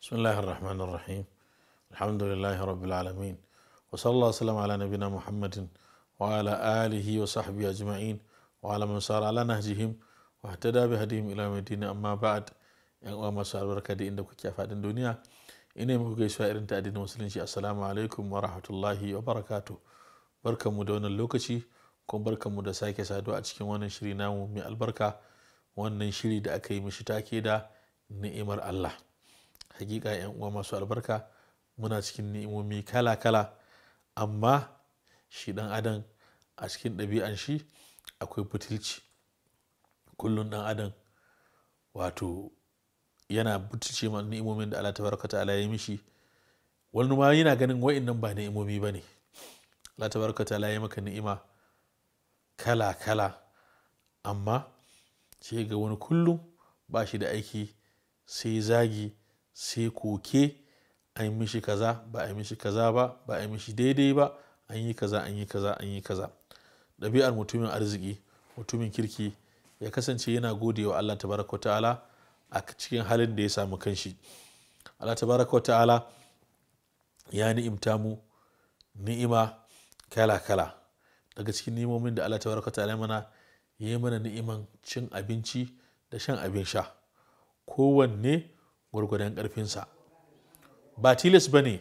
بسم الله الرحمن الرحيم الحمد لله رب العالمين وصلى الله وسلم على نبينا محمد وعلى آله وصحبه أجمعين وعلى من صار على نهجهم واهتدى بهديهم إلى مدينة أما بعد yan uwa masu albarka da inda kuke faɗin duniya ina muku gaisuwa irin ta addinin musulunci assalamu alaikum wa rahmatullahi wa barakatu barkanmu da wannan lokaci kuma barkanmu da sake saduwa a cikin wannan shiri namu mai albarka wannan shiri da aka yi mishi take da ni'imar Allah hakika yan uwa masu albarka muna cikin ni'imomi kala-kala amma shi dan adam a cikin ɗabi'an shi akwai butulci kullum dan adam wato yana butulci ma ni'imomin da Allah tabaraka ta'ala ya mishi wani ma yana ganin wa'annan ba ni'imomi ba ne Allah tabaraka ta'ala ya maka ni'ima kala-kala amma sai ga wani kullum ba shi da aiki sai zagi sai koke an yi mishi kaza ba a yi mishi kaza ba ba a yi mishi daidai ba an yi kaza an yi kaza an yi kaza ɗabi'ar mutumin arziki mutumin kirki ya kasance yana gode wa Allah tabaraka ta'ala a cikin halin da ya samu kanshi Allah tabaraka ta'ala ya ni'imta mu ni'ima kala kala daga cikin ni'imomin da Allah tabaraka ta'ala mana ya yi mana ni'iman cin abinci da shan abin sha kowanne gwargwadon ƙarfinsa ba tilas ba ne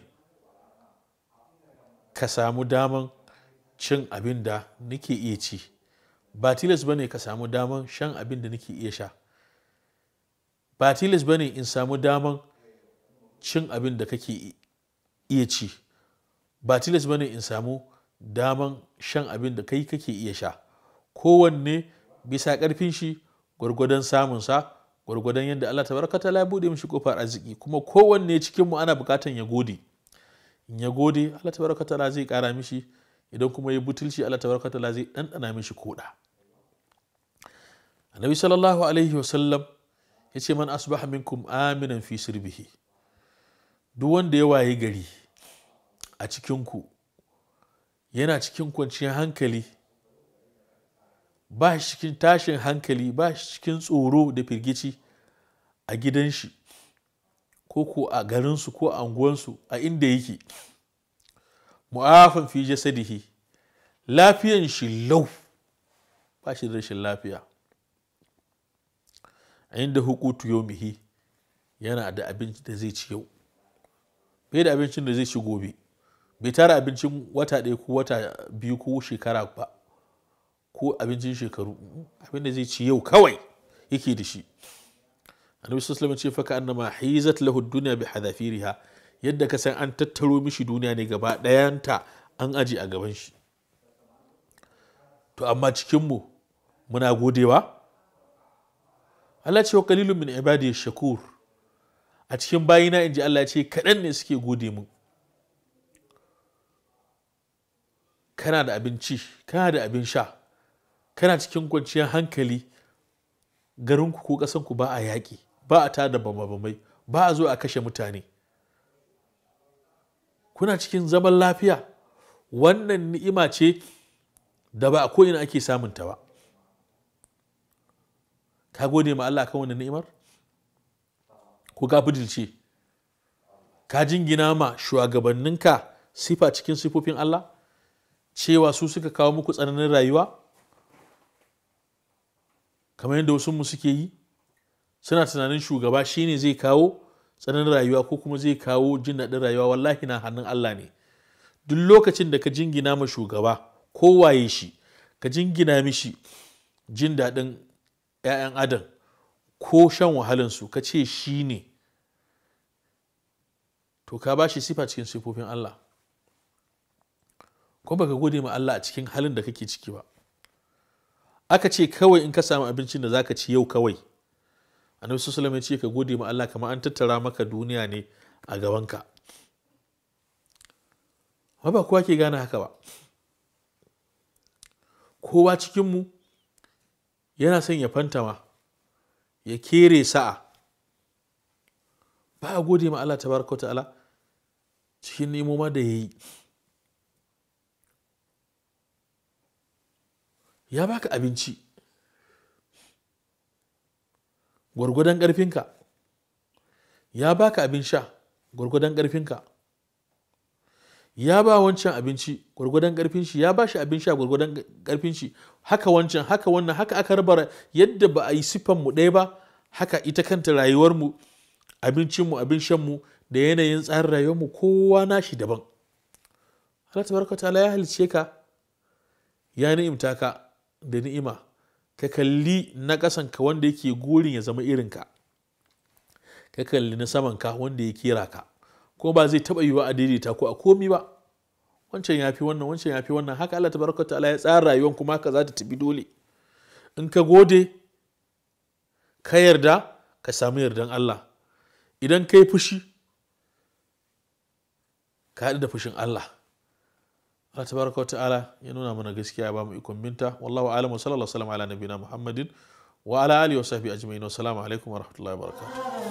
ka samu daman cin abin da nake iya ci ba tilas ba ne ka samu daman shan abin da nake iya sha ba tilas ba ne in samu daman cin abin da kake iya ci ba tilas ba ne in samu daman shan abin da kai kake iya sha kowanne bisa ƙarfin shi gwargwadon samunsa gwargwadon yadda Allah ta ta la bude mishi kofar arziki kuma kowanne cikin mu ana bukatan ya gode in ya gode Allah ta ta la zai kara mishi idan kuma ya butulci Allah ta ta la zai dandana mishi koda annabi sallallahu alaihi wasallam ya ce man asbaha minkum aminan fi sirbihi duk wanda ya waye gari a cikin ku yana cikin kwanciyar hankali ba shi cikin tashin hankali ba shi cikin tsoro da firgici a gidan shi ko ko a garinsu ko a unguwansu a inda yake mu'afan fi jasadihi lafiyan shi lau ba shi da rashin lafiya a inda hukutu mihi yana da abinci da zai ci yau bai da abincin da zai ci gobe bai tara abincin wata ɗaya ko wata biyu ko shekara ba ko abincin shekaru abin da zai ci yau kawai yake da shi annabi sallallahu ce faka annama hizat lahu dunya bi hadafiriha yadda ka san an tattaro mishi duniya ne gaba ɗayanta an aji a gaban shi to amma cikinmu muna godewa Allah ce wa kalilun min ibadi shakur a cikin bayina in ji Allah ce kaɗan ne suke gode mu kana da abinci kana da abin sha kana cikin kwanciyar hankali garinku ko ƙasanku ba a yaƙi ba a tada bambamai ba a zo a kashe mutane kuna cikin zaman lafiya wannan ni'ima ce da ba a ko'ina ake samunta ba ka gode ma Allah kan wannan ni'imar ko ka bidilce ka jingina ma shugabanninka sifa cikin sifofin Allah cewa su suka kawo muku tsananin rayuwa kamar yadda wasu mu suke yi suna tunanin shugaba shi ne zai kawo tsananin rayuwa ko kuma zai kawo jin daɗin rayuwa wallahi na hannun Allah ne duk lokacin da ka jingina ma shugaba ko waye shi ka jingina mishi jin daɗin 'ya'yan adam ko shan wahalinsu ka ce shi ne to ka ba shi sifa cikin sifofin Allah ko baka gode ma Allah a cikin halin da kake ciki ba aka ce kawai in ka samu abincin da za ka ci yau kawai annabi sallallahu alaihi ya ce ka gode ma Allah kamar an tattara maka duniya ne a gaban ka. ba kowa ke gane haka ba kowa cikinmu yana son ya fantama ya kere sa'a ba a gode ma Allah ta tabaraka ta'ala cikin nemo ma da ya yi ya baka abinci gwargwadon ƙarfinka ya baka abin sha gwargwadon ƙarfinka ya ba wancan abinci gwargwadon ƙarfin shi ya ba shi abin sha gwargwadon ƙarfin shi haka wancan haka wannan haka aka raba yadda ba a yi siffan mu ɗaya ba haka ita kanta rayuwar mu abincin mu abin shan mu da yanayin tsarin rayuwar mu kowa nashi daban Allah ta ta'ala ya halice ka ya ni'imta ka da ni'ima ka kalli na ƙasanka wanda yake gorin ya zama irinka ka kalli na samanka wanda ya kera ka ko ba zai taɓa yiwa a daidaita ko a komi ba wancan ya fi wannan wancan ya fi wannan haka Allah tabaraka ta'ala ya tsara rayuwar kuma haka za ta tafi dole in ka gode ka yarda ka samu yardan Allah idan ka yi fushi ka haɗu da fushin Allah Allah tabaraka ta'ala ya nuna mana gaskiya ya bamu ikon binta wallahu a'lam wa sallallahu alaihi wa sallam ala nabiyina muhammadin wa ala alihi wa sahbihi ajma'in wa assalamu alaikum wa rahmatullahi wa barakatuh